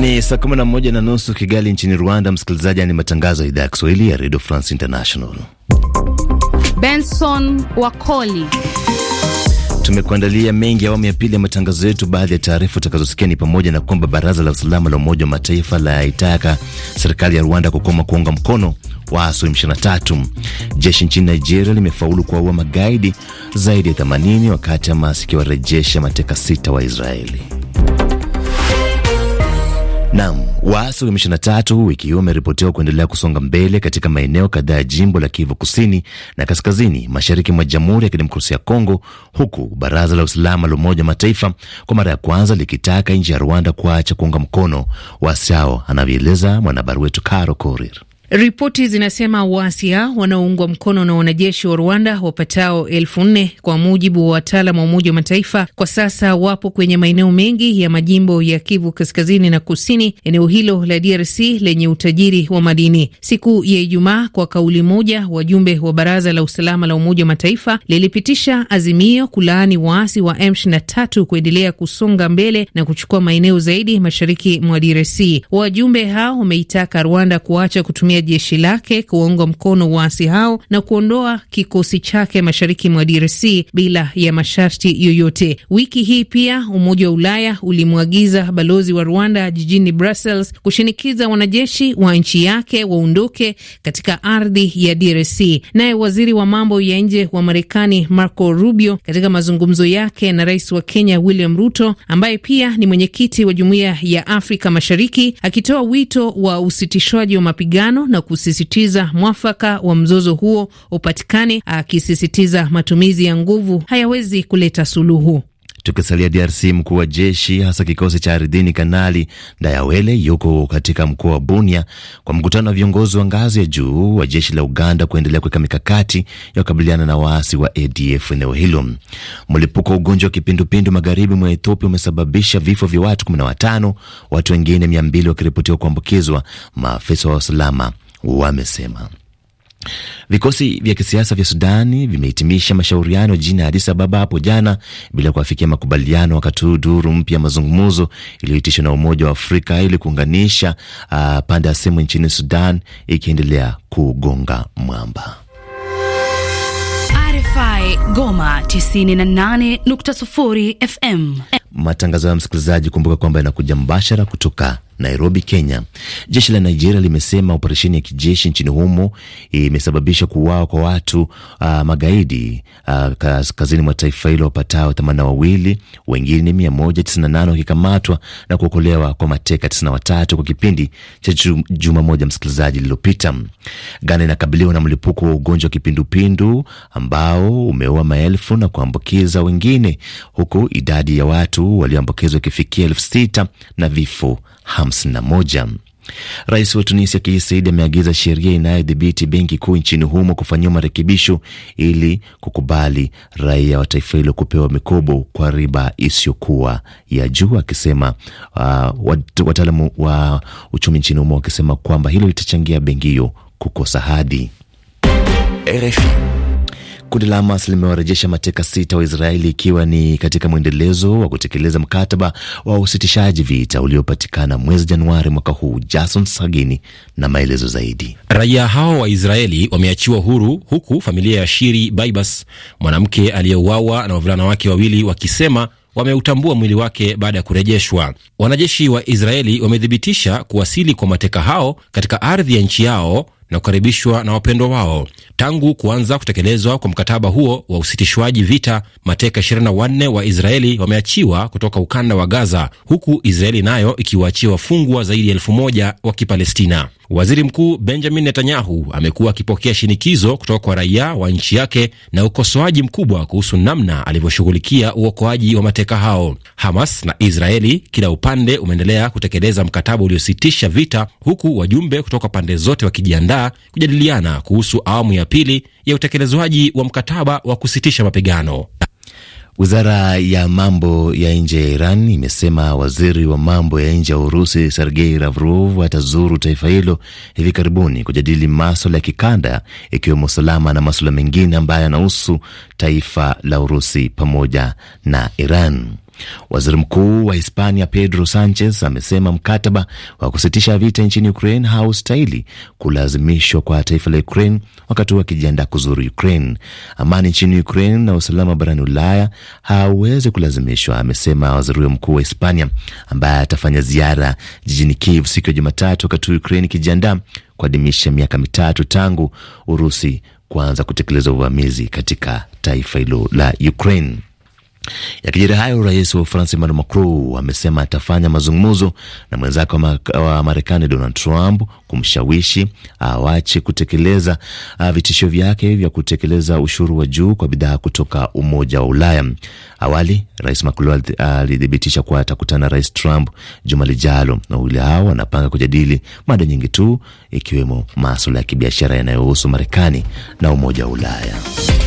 Ni saa kumi na nusu Kigali nchini Rwanda. Msikilizaji, ni matangazo ya idhaa ya Kiswahili ya Radio France International. Benson Wakoli tumekuandalia mengi awamu ya pili ya matangazo yetu. Baadhi ya taarifa utakazosikia ni pamoja na kwamba baraza la usalama la Umoja wa Mataifa la itaka serikali ya Rwanda kukoma kuunga mkono waasi M23. Jeshi nchini Nigeria limefaulu kuwaua magaidi zaidi ya 80 wakati Hamas ikiwarejesha mateka sita wa Israeli. Nam, waasi wa M23 wiki hiyo wameripotiwa kuendelea kusonga mbele katika maeneo kadhaa ya jimbo la Kivu kusini na kaskazini mashariki mwa Jamhuri ya Kidemokrasia ya Kongo, huku Baraza la Usalama la Umoja wa Mataifa kwa mara ya kwanza likitaka nchi ya Rwanda kuacha kuunga mkono waasi hao, anavyoeleza mwanahabari wetu Caro Korir. Ripoti zinasema waasi hao wanaoungwa mkono na wanajeshi wa Rwanda wapatao elfu nne kwa mujibu wa wataalam wa Umoja wa Mataifa kwa sasa wapo kwenye maeneo mengi ya majimbo ya Kivu kaskazini na kusini, eneo hilo la DRC lenye utajiri wa madini. Siku ya Ijumaa, kwa kauli moja, wajumbe wa Baraza la Usalama la Umoja wa Mataifa lilipitisha azimio kulaani waasi wa M23 kuendelea kusonga mbele na kuchukua maeneo zaidi mashariki mwa DRC. Wajumbe hao wameitaka Rwanda kuacha kutumia kutumia jeshi lake kuwaunga mkono waasi hao na kuondoa kikosi chake mashariki mwa DRC bila ya masharti yoyote. Wiki hii pia Umoja wa Ulaya ulimwagiza balozi wa Rwanda jijini Brussels kushinikiza wanajeshi wa nchi yake waondoke katika ardhi ya DRC. Naye waziri wa mambo ya nje wa Marekani Marco Rubio, katika mazungumzo yake na rais wa Kenya William Ruto, ambaye pia ni mwenyekiti wa Jumuiya ya Afrika Mashariki, akitoa wito wa usitishwaji wa mapigano na kusisitiza mwafaka wa mzozo huo upatikane, akisisitiza matumizi ya nguvu hayawezi kuleta suluhu. Tukisalia DRC, mkuu wa jeshi hasa kikosi cha ardhini Kanali dayawele yuko katika mkoa wa Bunia kwa mkutano wa viongozi wa ngazi ya juu wa jeshi la Uganda kuendelea kuweka mikakati ya kukabiliana na waasi wa ADF eneo hilo. Mlipuko wa ugonjwa wa kipindupindu magharibi mwa Ethiopia umesababisha vifo vya watu 15 watu wengine 200 wakiripotiwa kuambukizwa, maafisa wa usalama wamesema. Vikosi vya kisiasa vya Sudani vimehitimisha mashauriano jijini Adis Ababa hapo jana bila kuafikia makubaliano, wakati huu duru mpya ya mazungumzo iliyoitishwa na Umoja wa Afrika ili kuunganisha uh, pande ya simu nchini Sudan ikiendelea kugonga mwamba. RFI Goma 98.0 FM. Matangazo ya msikilizaji, kumbuka kwamba yanakuja mbashara kutoka Nairobi, Kenya. Jeshi la Nigeria limesema operesheni ya kijeshi nchini humo imesababisha kuuawa kwa watu uh, magaidi uh, ah, kaskazini mwa taifa hilo wapatao themanini wawili, wengine mia moja nane wakikamatwa na kuokolewa kwa mateka tisini watatu kwa kipindi cha juma moja, msikilizaji, lililopita. Ghana inakabiliwa na mlipuko wa ugonjwa wa kipindupindu ambao umeua maelfu na kuambukiza wengine, huku idadi ya watu walioambukizwa ikifikia elfu sita na vifo 51. Rais wa Tunisia Kais Saied ameagiza sheria inayodhibiti benki kuu nchini humo kufanyiwa marekebisho ili kukubali raia wa taifa hilo kupewa mikopo kwa riba isiyokuwa ya juu, akisema uh, wataalamu wa uchumi nchini humo wakisema kwamba hilo litachangia benki hiyo kukosa hadi RFI Kundi la Hamas limewarejesha mateka sita wa Israeli ikiwa ni katika mwendelezo wa kutekeleza mkataba wa usitishaji vita uliopatikana mwezi Januari mwaka huu. Jason Sagini na maelezo zaidi. Raia hao wa Israeli wameachiwa huru huku familia ya Shiri Baibas, mwanamke aliyeuawa na wavulana wake wawili, wakisema wameutambua mwili wake baada ya kurejeshwa. Wanajeshi wa Israeli wamethibitisha kuwasili kwa mateka hao katika ardhi ya nchi yao na kukaribishwa na wapendwa wao. Tangu kuanza kutekelezwa kwa mkataba huo wa usitishwaji vita, mateka 24 wa Israeli wameachiwa kutoka ukanda wa Gaza, huku Israeli nayo ikiwaachia wafungwa zaidi ya elfu moja wa Kipalestina. Waziri Mkuu Benjamin Netanyahu amekuwa akipokea shinikizo kutoka kwa raia wa nchi yake na ukosoaji mkubwa kuhusu namna alivyoshughulikia uokoaji wa mateka hao. Hamas na Israeli kila upande umeendelea kutekeleza mkataba uliositisha vita, huku wajumbe kutoka pande zote wakijiandaa kujadiliana kuhusu awamu ya pili ya utekelezwaji wa mkataba wa kusitisha mapigano. Wizara ya mambo ya nje ya Iran imesema waziri wa mambo ya nje ya Urusi Sergei Lavrov atazuru taifa hilo hivi karibuni kujadili maswala ya kikanda ikiwemo usalama na maswala mengine ambayo yanahusu taifa la Urusi pamoja na Iran. Waziri Mkuu wa Hispania Pedro Sanchez amesema mkataba wa kusitisha vita nchini Ukraine haustahili kulazimishwa kwa taifa la Ukraine wakati huu akijiandaa kuzuru Ukraine. Amani nchini Ukraine na usalama barani Ulaya hauwezi kulazimishwa, amesema waziri huyo mkuu wa Hispania ambaye atafanya ziara jijini Kiev siku ya Jumatatu, wakati huu Ukraine ikijiandaa kuadhimisha miaka mitatu tangu Urusi kuanza kutekeleza uvamizi katika taifa hilo la Ukraine. Yakijiri hayo, rais wa Ufaransa Emmanuel Macron amesema atafanya mazungumzo na mwenzake wa Marekani Donald Trump kumshawishi awache kutekeleza vitisho vyake vya kutekeleza ushuru wa juu kwa bidhaa kutoka Umoja wa Ulaya. Awali rais Macron alithibitisha kuwa atakutana na rais Trump juma lijalo, na wawili hao wanapanga kujadili mada nyingi tu, ikiwemo maswala ya kibiashara yanayohusu Marekani na Umoja wa Ulaya.